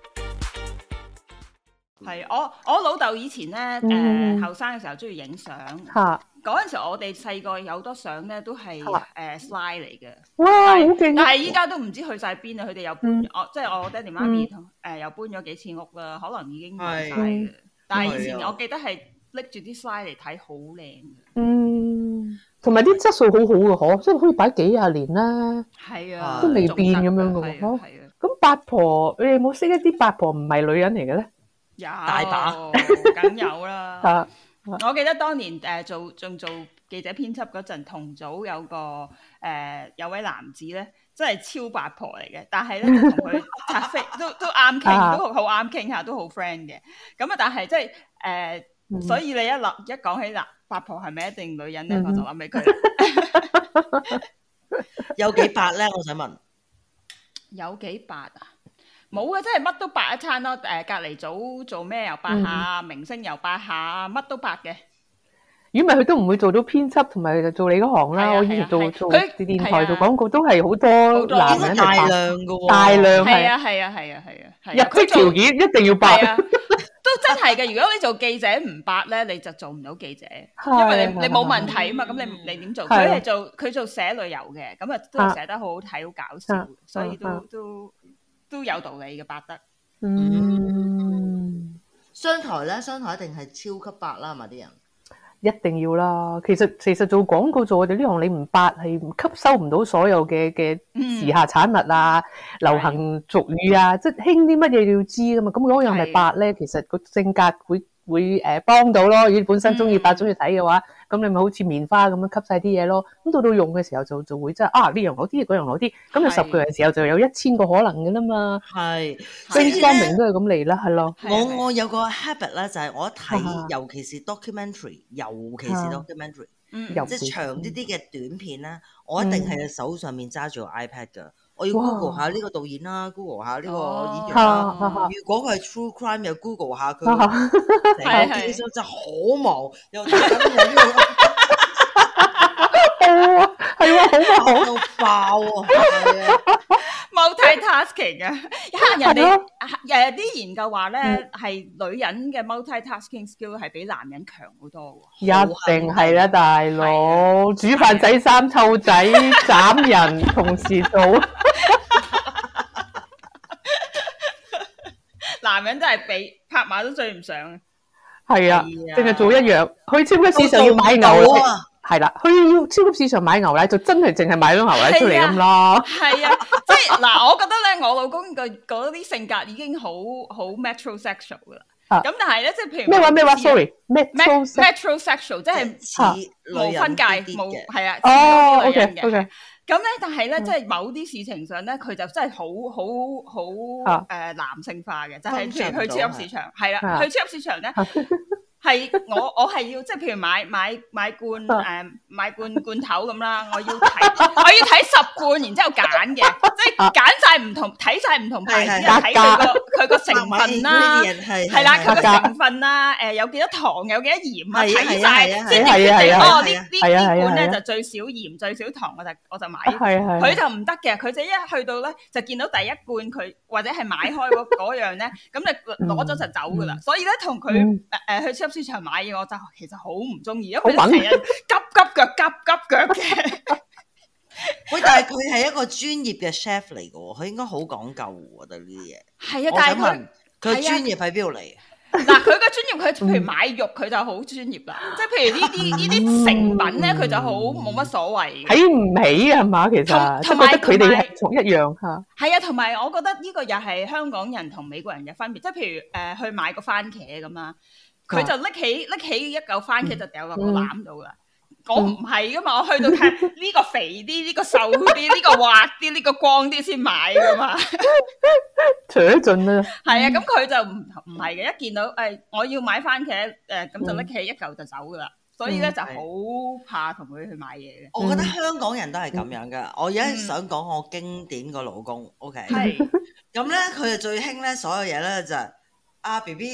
係我我老豆以前咧誒，後生嘅時候中意影相。吓嗰陣時，我哋細個有多相咧，都係誒 slide 嚟嘅。哇，好勁！但係依家都唔知去晒邊啦。佢哋又搬我即係我爹哋媽咪誒，又搬咗幾次屋啦，可能已經賣晒嘅。但係以前我記得係拎住啲 slide 嚟睇，好靚。嗯，同埋啲質素好好嘅，嗬，即係可以擺幾廿年啦，係啊，都未變咁樣嘅。嗬，咁八婆，你哋有冇識一啲八婆唔係女人嚟嘅咧？大把，梗有啦。 我記得當年誒、呃、做仲做記者編輯嗰陣，同組有個誒、呃、有位男子咧，真係超八婆嚟嘅。但係咧同佢搭都都啱傾，都好啱傾下，都好 friend 嘅。咁啊，但係即係誒，所以你一諗、嗯、一講起男八婆係咪一定女人咧，我就諗起佢。 有幾八咧？我想問， 有幾八？啊？冇啊！真係乜都八一餐咯。誒，隔籬組做咩又八下，明星又八下，乜都八嘅。咦？咪佢都唔會做到編輯，同埋做你嗰行啦。我以前做做電台做廣告都係好多男人嚟八，大量嘅喎，大量係啊，係啊，係啊，係啊。入佢條件一定要八啊！都真係嘅。如果你做記者唔八咧，你就做唔到記者，因為你你冇問題啊嘛。咁你你點做？佢係做佢做寫旅遊嘅，咁啊都寫得好好睇，好搞笑，所以都都。都有道理嘅八得，嗯，商台咧，商台一定係超級八啦，係咪啲人？一定要啦，其實其實做廣告做我哋呢行，你唔八係吸收唔到所有嘅嘅時下產物啊、流行俗語啊，即係興啲乜嘢都要知㗎嘛，咁樣係八咧，其實個性格會。會誒幫到咯，如果本身中意八中意睇嘅話，咁你咪好似棉花咁樣吸晒啲嘢咯。咁到到用嘅時候就就會即係啊呢樣好啲，嗰樣好啲。咁你十句嘅時候就有一千個可能嘅啦嘛。係，精光明都係咁嚟啦，係咯。我我有個 habit 啦，就係我一睇，尤其是 documentary，尤其是 documentary，即係長啲啲嘅短片咧，我一定係手上面揸住個 iPad 㗎。我要 Google 下呢個導演啦哇，Google 下呢個演員啦。哦、如果佢係 True Crime，又 Google 下佢，成件事真係好忙。要真係要。係喎，好忙到爆喎，multitasking 啊！人哋誒啲研究話咧，係女人嘅 multitasking skill 係比男人強好多喎。一定係啦，大佬，煮飯仔、衫、湊仔、斬人，同時做。男人真係比拍馬都追唔上。係啊，淨係做一樣，去超級市場要買牛啊。係啦，去超級市場買牛奶就真係淨係買咗牛奶出嚟咁咯。係啊，即係嗱，我覺得咧，我老公嘅嗰啲性格已經好好 metrosexual 噶啦。咁但係咧，即係譬如咩話咩話？Sorry，metrosexual 即係似無分界，冇係啊。哦，OK，OK。咁咧，但係咧，即係某啲事情上咧，佢就真係好好好誒男性化嘅，就係譬如去超級市場，係啦，去超級市場咧。係我我係要即係譬如買買買罐，誒買罐罐頭咁啦，我要睇我要睇十罐，然之後揀嘅，即係揀晒唔同睇晒唔同牌子，睇佢個佢個成分啦，係啦佢個成分啦，誒有幾多糖有幾多鹽啊，睇晒即係點決定哦呢呢呢罐咧就最少鹽最少糖我就我就買，佢就唔得嘅，佢就一去到咧就見到第一罐佢或者係買開嗰嗰樣咧，咁你攞咗就走噶啦，所以咧同佢誒去出。市場買嘢，我就其實好唔中意，因為成日急急腳、急急腳嘅。 喂、啊，但係佢係一個專業嘅 chef 嚟嘅，佢應該好講究。我覺得呢啲嘢係啊，但係佢佢專業喺邊度嚟？嗱，佢嘅專業，佢譬如買肉，佢就好專業啦。即係譬如呢啲呢啲成品咧，佢就好冇乜所謂。睇唔起啊嘛，其實同埋佢哋同一樣吓。係啊，同埋我覺得呢個又係香港人同美國人嘅分別。即係譬如誒、呃、去買個番茄咁啊。佢就拎起拎起一嚿番茄就掉落個籃度啦，嗯、我唔係噶嘛，我去到睇呢個肥啲，呢 個瘦啲，呢 個滑啲，呢、這個光啲先買噶嘛，扯盡啦。係啊，咁佢就唔唔係嘅，一見到誒、哎、我要買番茄誒，咁就拎起一嚿就走噶啦，嗯、所以咧就好、是、怕同佢去買嘢嘅。嗯、 我覺得香港人都係咁樣噶，我而家想講我經典個老公、嗯、，OK，係咁咧，佢就 最興咧所有嘢咧就阿 B B，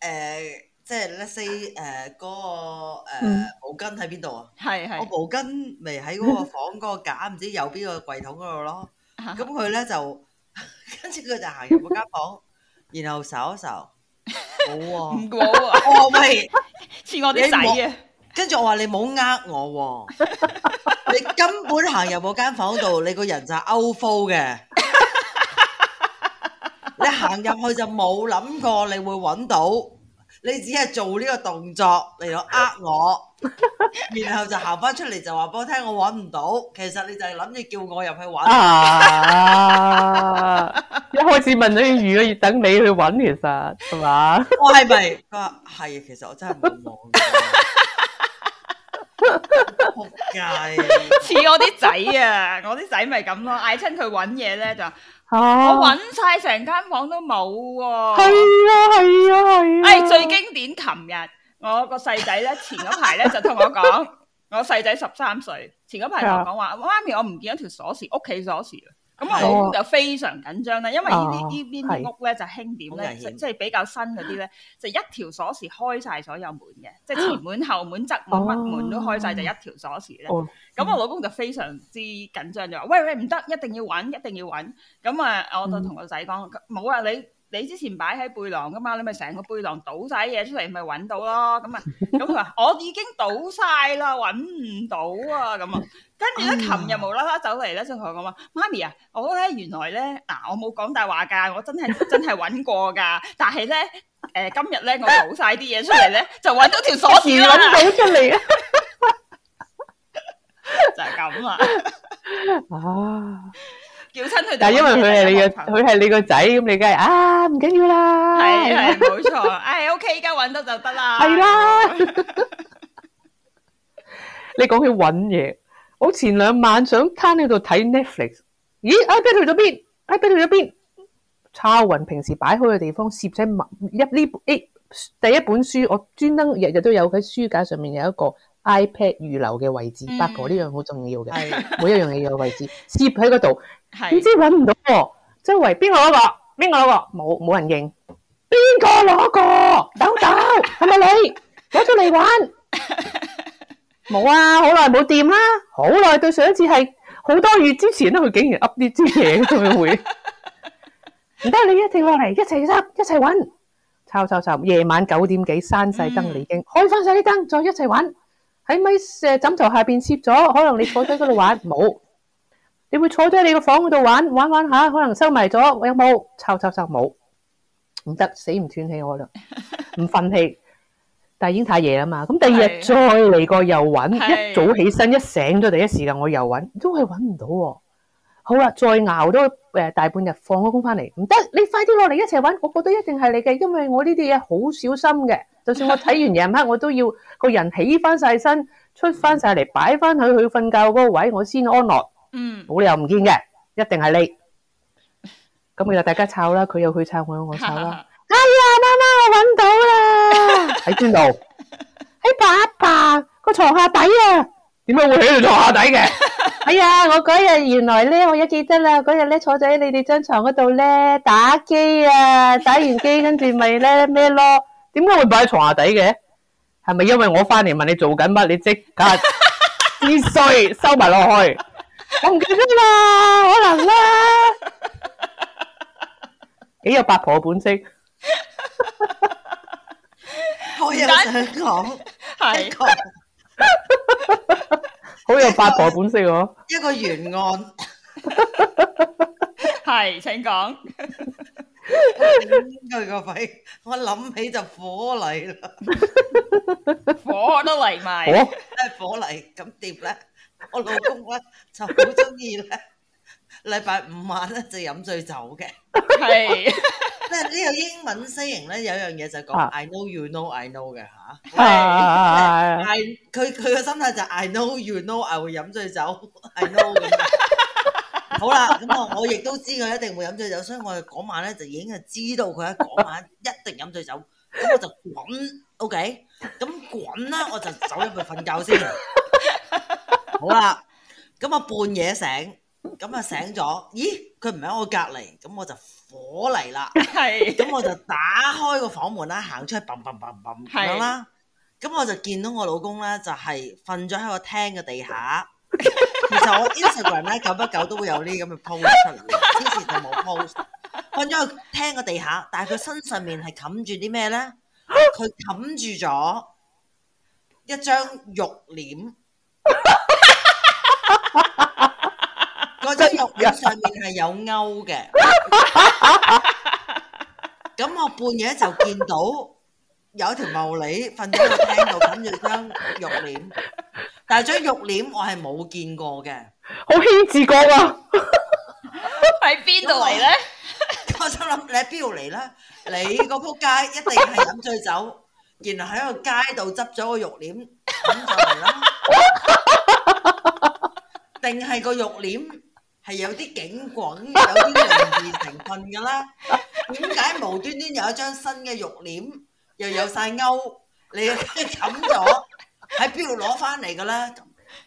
誒。啊寶寶寶寶寶寶哎呃.即係 last 誒，個誒、呃呃、毛巾喺邊度啊？係係， 我毛巾咪喺嗰個房嗰個架，唔知右邊個櫃桶嗰度咯。咁佢咧就，跟住佢就行入嗰間房， 然後搜一搜，冇啊，唔冇 啊，我係似我啲仔啊。跟住我話你冇呃我，你根本行入嗰間房度，你個人就 o u t 嘅， 你行入去就冇諗過你會搵到。你只係做呢個動作嚟到呃我， 然後就行翻出嚟就話畀我聽我搵唔到，其實你就係諗住叫我入去搵、 啊。一開始問你：「如果要等你去搵，其實係嘛？我係咪？係 啊、哦，其實我真係冇望到。 仆街，似 我啲仔啊！我啲仔咪咁咯，嗌親佢搵嘢咧就，我搵晒成間房都冇喎。係啊，係啊，係啊！哎，最經典，琴日我個細仔咧，前嗰排咧就同我講，我細仔十三歲，前嗰排就講話，媽咪我唔見咗條鎖匙，屋企鎖匙。咁我老公就非常緊張咧，因為、啊、邊屋呢啲是呢邊啲屋咧就輕點咧，okay, 即係比較新嗰啲咧， 就一條鎖匙開晒所有門嘅，即係前門後門側門乜 門都開晒， 就一條鎖匙咧。咁、哦哦、我老公就非常之緊張就話：喂喂，唔得，一定要揾，一定要揾。咁、嗯、啊、嗯，我就同個仔講：冇啦、啊，你。你之前擺喺背囊噶嘛？你咪成個背囊倒晒嘢出嚟，咪揾到咯。咁啊，咁佢話，我已經倒晒啦，揾唔到啊。咁啊，跟住咧琴日無啦啦走嚟咧，就同我講話：媽咪啊，我咧原來咧，嗱，我冇講大話㗎，我真係真係揾過㗎。但係咧，誒、呃、今日咧，我倒晒啲嘢出嚟咧，就揾到條鎖匙揾唔到出嚟 啊！就係咁啊！啊！但係因為佢係你個佢係你個仔，咁、嗯、你梗係、嗯、啊唔緊要啦。係冇錯，唉、哎、OK，依家揾得就得啦。係啦 是吧， 你講起揾嘢，我前兩晚想攤喺度睇 Netflix，咦 iPad 去咗邊？iPad 去咗邊？抄雲 be, 平時擺好嘅地方，攝喺埋呢一、哎、第一本書，我專登日日都有喺書架上面有一個 iPad 預留嘅位置。八婆呢樣好重要嘅， 每一樣嘢有位置，攝喺嗰度。點知搵唔到喎？周圍邊個攞過？邊個攞過？冇冇人認？邊個攞過？等等，係咪你攞出嚟玩？冇啊，好耐冇掂啦，好耐對上一次係好多月之前啦，佢竟然噏啲啲嘢咁樣回。唔得，你一定落嚟，一齊執，一齊揾。抄抄抄，夜晚九點幾，閂晒燈，你已經開翻晒啲燈，再一齊玩。喺咪枕頭下邊攝咗，可能你坐喺嗰度玩，冇。你會坐咗喺你個房嗰度玩，玩玩玩下，可能收埋咗。我有冇？抄抄抄冇。唔得，死唔斷氣我度，唔忿 氣，但係已經太夜啦嘛。咁第二日再嚟過，又搵， 一早起身一醒咗第一時間我又搵，都係搵唔到。好啦，再熬多誒大半日，放工翻嚟，唔得，你快啲落嚟一齊搵，我覺得一定係你嘅，因為我呢啲嘢好小心嘅，就算我睇完夜晚黑，我都要個人起翻晒身，出翻晒嚟，擺翻去佢瞓覺嗰個位，我先安樂。嗯，冇理由唔見嘅，一定係你。咁佢又大家抄啦，佢又去抄，我又我抄啦。哎呀，媽媽，我搵到啦！喺邊度？喺爸爸個床下底啊！點解會喺度床下底嘅？哎呀，我嗰日原來咧，我一記得啦，嗰日咧坐咗你哋張床嗰度咧打機啊，打完機跟住咪咧咩咯？點解會擺喺床下底嘅？係咪因為我翻嚟問你做緊乜，你即刻必須收埋落去？我唔記得啦，可能啦，幾有八婆嘅本色，我又想講，係，好有八婆本色哦，一個懸案，係，請講，佢個肺，我諗起就火嚟啦，火都嚟埋，火嚟，咁掂咧？我老公咧就好中意咧，禮拜五晚咧就飲醉酒嘅。係，但係呢個英文西型咧有一樣嘢就講、啊、，I know you know I know 嘅吓。係佢佢個心態就係、I know you know I 會飲醉酒，I know。嘅。 好啦，咁我我亦都知佢一定會飲醉酒，所以我哋嗰晚咧就已經係知道佢喺嗰晚一定飲醉酒，咁我就滾，OK？咁滾啦，我就走入去瞓覺先。好啦，咁啊半夜醒，咁啊醒咗，咦，佢唔喺我隔籬，咁我就火嚟啦，咁是我就打開個房門啦，行出去，砰砰砰砰咁啦，咁是我就見到我老公咧就係瞓咗喺個廳嘅地下，其實我 Instagram 咧久不久都會有啲咁嘅 post 出嚟，之前就冇 post，瞓咗喺個廳嘅地下，但係佢身上面係冚住啲咩咧？佢冚住咗一張浴簾。嗰張肉簾上面係有鈎嘅，咁我半夜就見到有條茂利瞓喺個廳度冚住張肉簾，但係張肉簾我係冇見過嘅，好牽字角啊！喺邊度嚟咧？我就諗，你喺邊度嚟咧？你嗰仆街一定係飲醉酒，然後喺個街度執咗個肉簾冚就嚟啦，定係個肉簾？係有啲景滾，有啲容易成困噶啦。點解無端端有一張新嘅浴簾，又有曬鈎？你冚咗喺邊度攞翻嚟噶啦？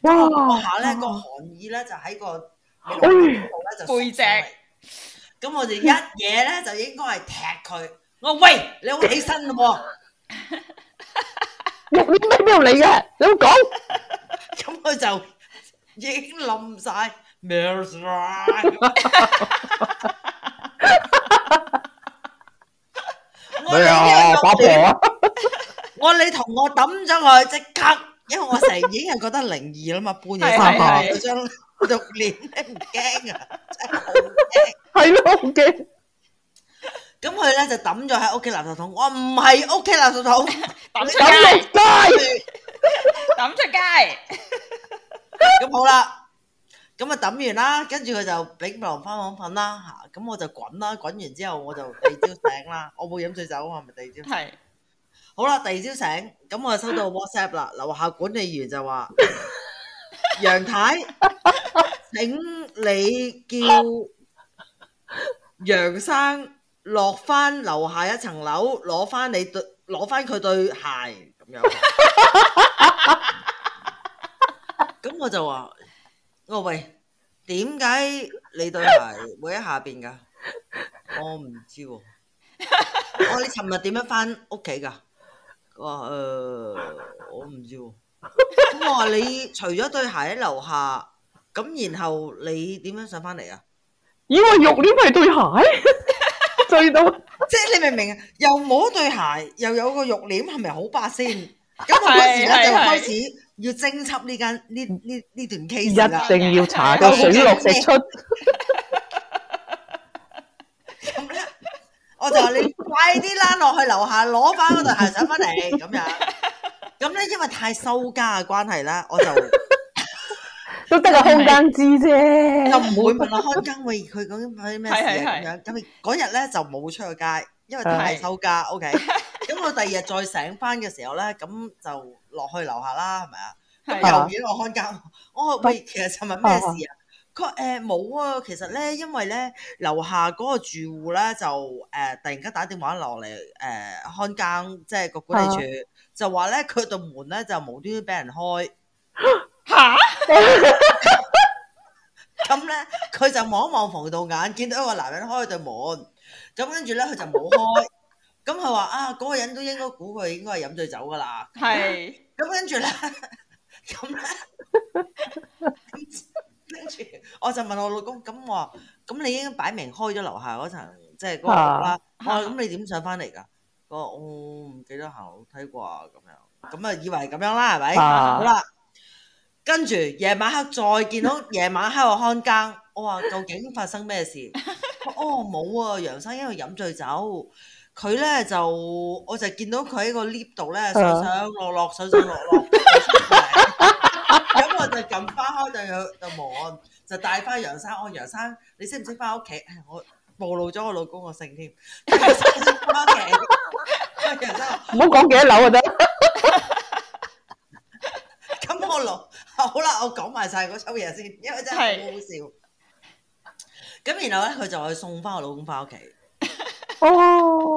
嗰下咧個寒意咧就喺個浴簾嗰度咧就背脊。咁我哋一嘢咧就應該係踢佢。我喂，你好起身嘞噃？浴簾咩，邊度嚟嘅？你講。咁佢就已經冧曬。咩事啊？哎呀，發火！我你同我抌咗佢即刻，因為我成日已經係覺得靈異啦嘛，半夜三更嗰張肉臉，你唔驚啊？係咯，唔驚。咁佢咧就抌咗喺屋企垃圾桶，我唔係屋企垃圾桶，抌出街，抌出街，咁好啦。咁啊抌完啦，跟住佢就俾唔落翻房瞓啦，吓，咁我就滾啦，滾完之後我就第二朝醒啦，我冇飲醉酒係咪？第二朝醒，好啦，第二朝醒，咁我就收到 WhatsApp 啦，樓下管理員就話楊太，請你叫楊生落翻樓下一層樓，攞翻你對攞翻佢對鞋咁樣，咁我就話。我喂，點解你對鞋會喺下邊噶？我唔知喎。我話你尋日點樣翻屋企噶？我誒，我唔知喎。咁我話你除咗對鞋喺樓下，咁然後你點樣上翻嚟啊？以為肉簾係對鞋？醉到！即係你明唔明啊？又冇對鞋，又有個肉簾，係咪好巴先？咁我嗰時咧就開始。要偵察呢間呢呢呢段 case 啊！一定要查個水落石出。咁咧，我就話你快啲攤落去樓下攞翻嗰對鞋，上翻嚟咁樣。咁咧，因為太收家嘅關係咧，我就都得個開間知啫，就唔會問我開間為佢講啲咩事咁樣。咁嗰日咧就冇出去街，因為太收家。O K。咁我第二日再醒翻嘅時候咧，咁就。落去樓下啦，係咪啊？咁後面我看監，我話嗎、哦、喂，其實尋日咩事啊？佢誒冇啊，其實咧，因為咧，樓下嗰個住戶咧就誒、呃、突然間打電話落嚟，誒、呃、看監即係個管理處、啊、就話咧，佢道門咧就無端端俾人開嚇。咁咧、啊，佢 就望一望防盜眼，見到一個男人開道門。咁跟住咧，佢就冇開。咁佢話啊，嗰、啊那個人都應該估佢應該係飲醉酒噶啦。係。 咁跟住咧，咁咧，跟住我就問我老公：咁我咁你已經擺明開咗樓下嗰層，即係嗰個啦。我話：咁你點上翻嚟噶？我我唔記得行樓梯啩。咁樣，咁啊以為咁樣啦，係咪？好啦，跟住夜晚黑再見到夜晚黑我看更，我話究竟發生咩事？哦冇啊，楊生因為飲醉酒。佢咧就，我就見到佢喺個 lift 度咧上上落落，上上落落。咁我就撳翻開，就又就望，就帶翻楊生。我楊生，你識唔識翻屋企？我暴露咗我老公個姓添。翻屋企。楊生，唔好講幾多樓啊得。咁我落好啦，我講埋曬嗰首嘢先，因為真係好好笑。咁然後咧，佢就去送翻我老公翻屋企。哦。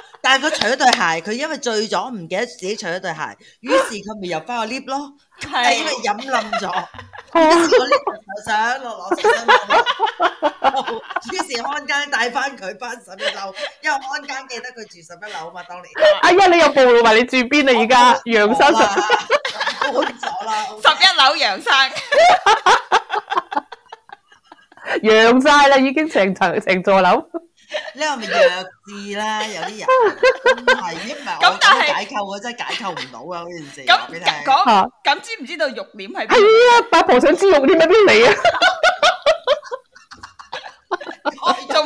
但係佢除咗對鞋，佢因為醉咗唔記得自己除咗對鞋，於是佢咪又翻個 lift 咯，係 因為飲冧咗， 一至個 lift 又上落落，於是看更帶翻佢翻十一樓，因為看更記得佢住十一樓啊嘛，當年。哎呀，你又暴露埋你住邊啊？而家陽山十，我 十一樓陽山，陽晒啦，已經成層成座樓。呢個咪弱智啦？有啲人係 因為我 是解構，我真係解構唔到啊！嗰陣時咁講，咁知唔知道肉點係？係啊 哎，八婆想知肉點咩邊嚟啊？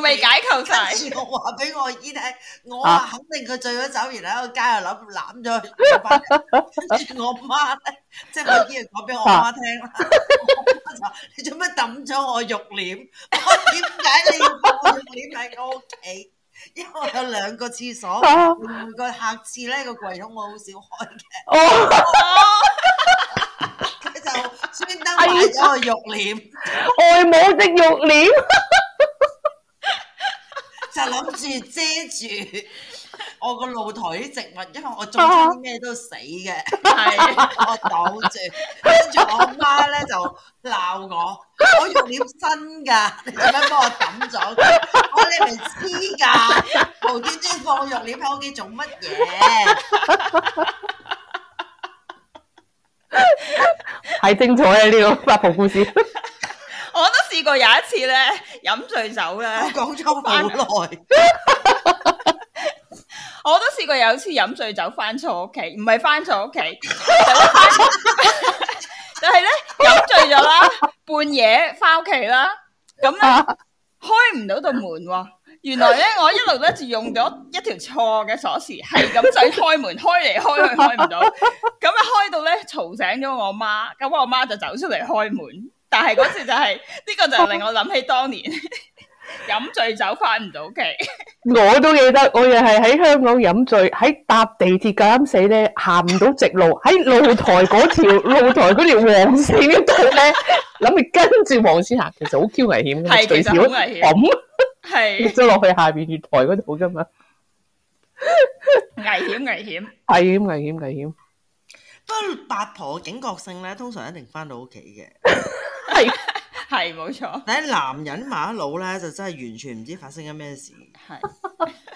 未解求齊，跟住我話俾我姨聽， 我話肯定佢醉咗走完喺個街又諗攬咗，跟住我媽咧，即係我姨又講俾我媽聽啦。我媽就：你做咩抌咗我肉簾？我點解你要把個肉簾喺我屋企？因為我有兩個廁所，每個客廁咧個櫃桶我好少開嘅。哦，佢就先登買咗個肉簾，我冇隻肉簾。 就諗住遮住我個露台啲植物，因為我做啲咩都死嘅，係 我擋住。跟住我媽咧就鬧我，我用料新噶，點樣幫我抌咗？佢、哦，我你明知噶，冇端端放用料喺屋企做乜嘢？ 太精彩啦呢、這個八婆故事。我都試過有一次咧，飲醉酒咧，講咗好耐。回家 我都試過有一次飲醉酒翻錯屋企，唔係翻錯屋企， 就係咧飲醉咗啦，半夜翻屋企啦，咁咧開唔到道門喎。原來咧我一路咧就用咗一條錯嘅鎖匙，係咁就開門，開嚟開去開唔到，咁啊開到咧，嘈醒咗我媽，咁我媽就走出嚟開門。但係嗰次就係呢個就令我諗起當年飲醉酒翻唔到屋企，我都記得，我亦係喺香港飲醉，喺搭地鐵咁死咧，行唔到直路喺露台嗰條露台嗰條黃線嗰度咧，諗住跟住黃線行，其實好 Q 危險嘅，最少咁跌咗落去下邊月台嗰度噶嘛，危險危險危險危險危險。不過八婆警覺性咧，通常一定翻到屋企嘅。係係冇錯， 錯但係男人麻老咧就真係完全唔知發生緊咩事。係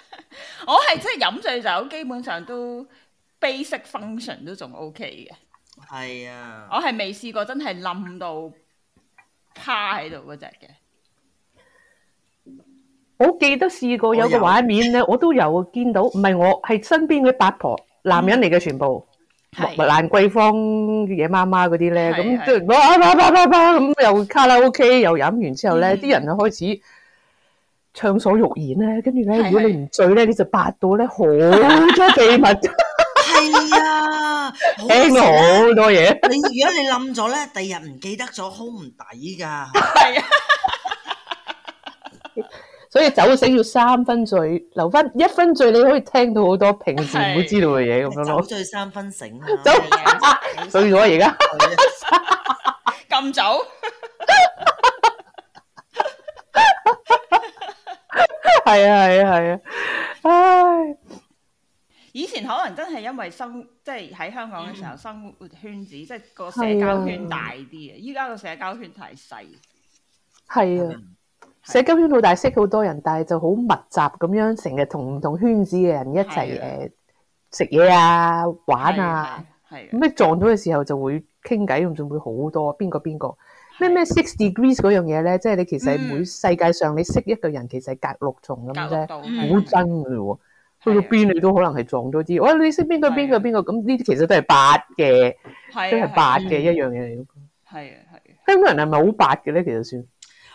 ，我係真係飲醉酒，基本上都 basic function 都仲 ok 嘅。係啊，我係未試過真係冧到趴喺度嗰隻嘅。我記得試過有個畫面咧，我，有我都有見到，唔係我係身邊嘅八婆男人嚟嘅全部。嗯物爛桂芳嘅嘢，媽媽嗰啲咧，咁咁 Started, 是，又卡拉 O K，又飲完之後咧，啲人就開始暢所欲言咧，跟住咧，是是如果你唔醉咧，你就八到咧好多秘密，係 啊，聽好多嘢。你 如果你冧咗咧，第日唔記得咗，好唔抵噶。係啊。所以酒醒要三分醉，留翻一分醉，你可以聽到好多平時唔會知道嘅嘢，咁樣咯。醉三分醒啊，所以我而家咁早係啊係啊係啊！唉，以前可能真係因為生即係喺香港嘅時候生活圈子，即係個社交圈大啲啊。依家個社交圈太細，係啊。社交圈好大，識好多人，但係就好密集咁樣，成日同唔同圈子嘅人一齊誒食嘢啊、玩啊，咁咧撞到嘅時候就會傾偈，仲會好多邊個邊個咩咩 six degrees 嗰樣嘢咧？即係你其實每世界上你識一個人，其實隔六重咁啫，好真嘅喎。去到邊你都可能係撞到啲，哇！你識邊個邊個邊個咁，呢啲其實都係八嘅，都係八嘅一樣嘢嚟嘅。係啊係啊，香港人係咪好八嘅咧？其實算。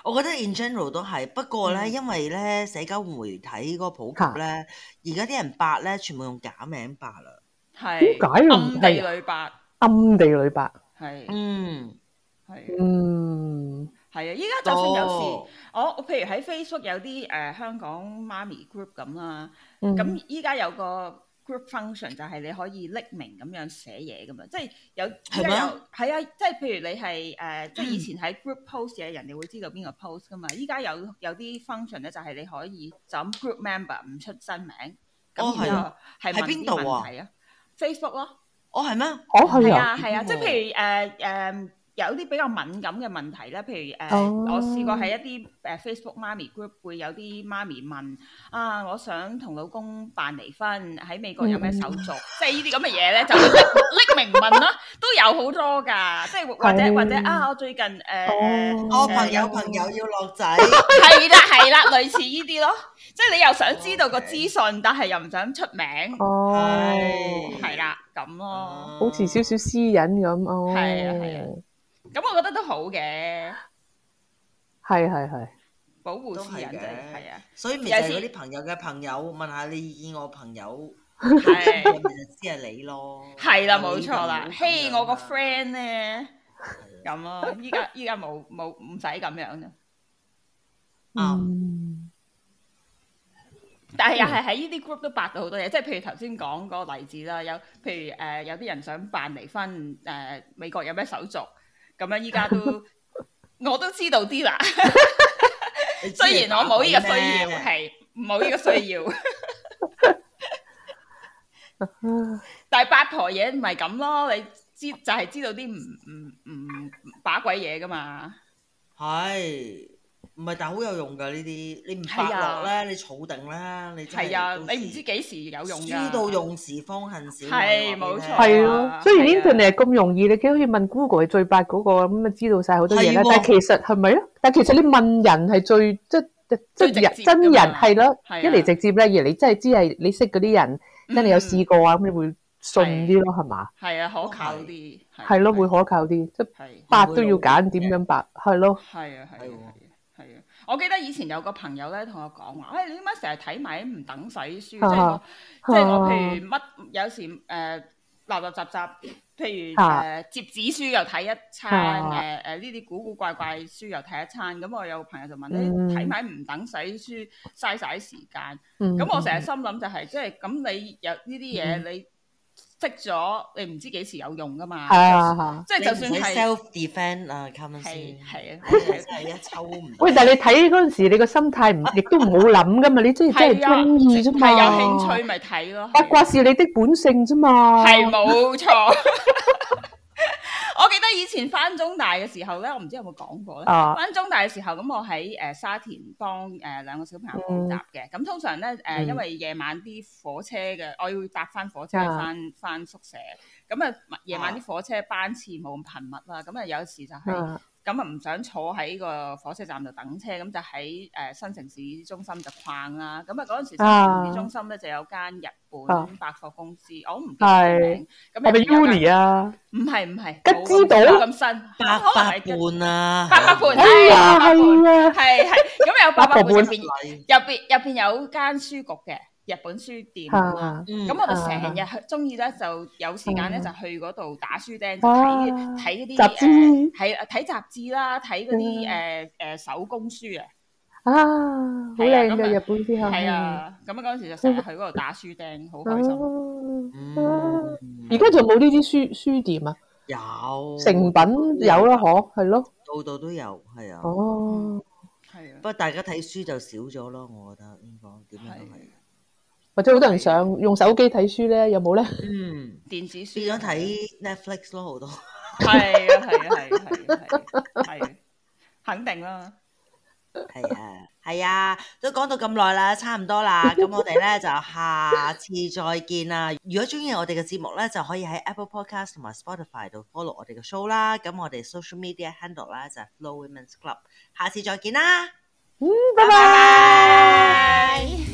我覺得 in general 都係，不過咧，嗯、因為咧社交媒體嗰個普及咧，而家啲人八咧全部用假名八啦，係點解啊？暗地女八，暗地女八，係是嗯係嗯係啊！依家、嗯啊啊、就算有事，我我、哦哦、譬如喺 Facebook 有啲誒、呃、香港媽咪 group 咁啦、啊，咁依家有個。Group function 就係你可以匿名咁樣寫嘢噶嘛，即係有係咩？係嗎啊，即係譬如你係誒，呃嗯、即係以前喺 group post 嘅人哋會知道邊個 post 噶嘛。依家有有啲 function 咧，就係你可以揼 group member 唔出新名，咁然之後係邊度啊？Facebook 咯，哦係咩？哦係、oh, 啊，係啊，即係譬如誒誒。Uh, um, 有啲比較敏感嘅問題咧，譬如誒、oh.，我試過喺一啲誒 Facebook 媽咪 group 會有啲媽咪問啊，我想同老公辦離婚喺美國有咩手續？即係、嗯、呢啲咁嘅嘢咧，就匿名問咯，都有好多噶，即係或者或者啊，我最近誒，我、呃 oh. 呃、朋友朋友要落仔，係啦係啦，類似呢啲咯，即係你又想知道個資訊，okay. 但係又唔想出名，哦、oh. oh.，係啦，咁咯，好似少少私隱咁，哦，係啊係啊。咁我覺得都好嘅，係係係，保護私隱啫，係啊。所以咪就係嗰啲朋友嘅朋友問下你意見，我朋友係咪就知係你咯？係啦，冇錯啦。嘿，我個 friend 咧咁咯，依家依家冇冇唔使咁樣嘅。啱。但係又係喺呢啲 group 都白到好多嘢，即係譬如頭先講個例子啦，有譬如誒有啲人想辦離婚，誒美國有咩手續？咁樣依家都，我都知道啲啦。 雖然我冇呢個需要，係冇呢個需要。 但係八婆嘢唔係咁咯，你知就係知道啲，唔唔唔把鬼嘢噶嘛。係。唔係，但係好有用㗎呢啲。你唔發落咧，你儲定啦。你係啊，你唔知幾時有用。知道用時方恨少。係冇錯。係咯。雖然 Internet 咁容易，你幾可以問 Google 最八嗰個咁啊，知道晒好多嘢啦。但係其實係咪咧？但係其實你問人係最即係即即人真人係咯，一嚟直接咧，二嚟真係知係你識嗰啲人真係有試過啊，咁你會信啲咯，係嘛？係啊，可靠啲。係咯，會可靠啲。即係八都要揀點樣八，係咯。係啊，係。我記得以前有個朋友咧同我講話，誒、哎、你點解成日睇埋唔等洗書？啊、即係我，即係我譬、呃納納納納納，譬如乜有時誒垃垃雜雜，譬如誒折紙書又睇一餐，誒誒呢啲古古怪怪書又睇一餐。咁我有個朋友就問、嗯、你睇埋唔等洗書，嘥晒啲時間。咁、嗯、我成日心諗就係、是，即係咁你有呢啲嘢你。識咗，誒唔知幾時有用㗎嘛？係啊，即係就算係 self defence 啊，啱唔啱先？啊， 抽唔。 喂，但係你睇嗰陣時，你個心態唔，亦都冇諗㗎嘛？你即係即係中意啫嘛？有興趣咪睇咯。八卦 是你的本性啫嘛。係冇是沒錯。 我記得以前翻中大嘅時候咧，我唔知有冇講過咧。啊、翻中大嘅時候，咁我喺誒、呃、沙田幫誒兩個小朋友補習嘅。咁、嗯、通常咧誒，呃嗯、因為夜晚啲火車嘅，我要搭翻火車翻翻、啊、宿舍。咁啊，夜晚啲火車班次冇咁頻密啦。咁啊，有時就係、是。啊咁啊唔想坐喺個火車站度等車，咁就喺誒新城市中心就逛啦。咁啊嗰陣時新城市中心咧就有間日本百貨公司，我唔記得名。係，係咪 Uniqlo 啊？唔係唔係，吉之島咁新八佰伴啊！八佰伴，係啊，係係，咁有八佰伴入邊，入邊入邊有間書局嘅。日本書店啊，咁我哋成日去鍾意咧，就有時間咧就去嗰度打書釘，睇睇嗰啲雜誌，係啊，睇雜誌啦，睇嗰啲誒誒手工書啊，啊，好靚嘅日本之後，係啊，咁啊嗰陣時就成日去嗰度打書釘，好開心。而家仲冇呢啲書書店啊？有成品有咯，嗬，係咯，度度都有，係啊。哦，係啊。不過大家睇書就少咗咯，我覺得點講，點樣都係。或者好多人想用手機睇書咧，有冇咧？嗯，電子書變咗睇 Netflix 咯，好多。係啊，係啊，係，係，肯定啦。係啊，係啊，都講到咁耐啦，差唔多啦。咁我哋咧就下次再見啦。 如果中意我哋嘅節目咧，就可以喺 Apple Podcast 同埋 Spotify 度 follow 我哋嘅 show 啦。咁我哋 social media handle 啦，就係 Flo Women's Club。下次再見啦。拜拜。